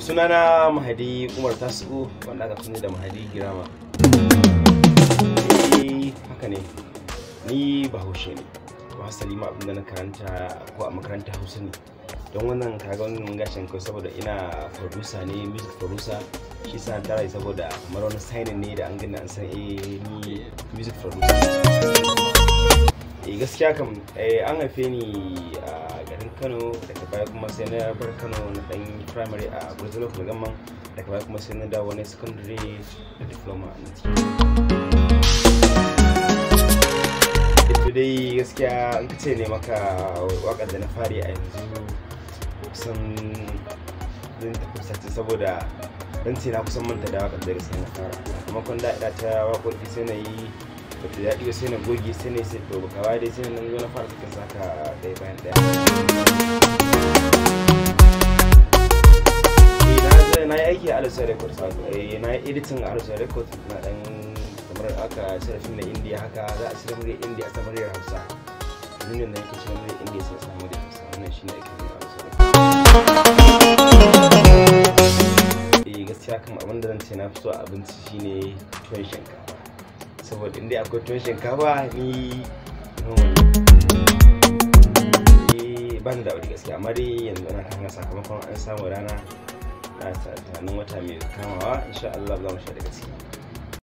sunana mahadi umar tasu wanda aka fi da mahadi girama eh, haka ne ni bahaushe ne ba salima abin da na karanta ko a makaranta hausa ne don wannan kaga wannan gashin kai saboda ina producer ne music producer shi sa tara saboda kamar wani signing ne da an gina an san eh ni music producer eh gaskiya kam eh, an haife ni a ah, kano daga baya kuma sai na bar kano na dan primary a brazil local government daga baya kuma sai na dawo na secondary da diploma na ita dai gaskiya in ka ce ne maka wakar da na fari a yanzu kusan zan tafi sati saboda dan ce na kusan manta da wakar da gaskiya na fara kun da ina ta waƙoƙi sai na yi bata daɗi sai na goge sai na yi sai to baka dai sai na zo na fara cikin saka ɗaya bayan ɗaya arsa eh, records na editing arsa records na dan kamar aka sarrafin na india haka za a sarrafin da indiya ta bari hausa domin da yake cewa da indiya sai samu da hausa wannan shine ake yi arsa records eh gaskiya kan abin da zan ce na fi so abinci shine tuwon shinkafa saboda inda akwai tuwon shinkafa ni eh, ban da wuri gaskiya amma dai yanzu ana kan sakamakon an samu rana a wata mai kamawa insha Allah za mu sha gaske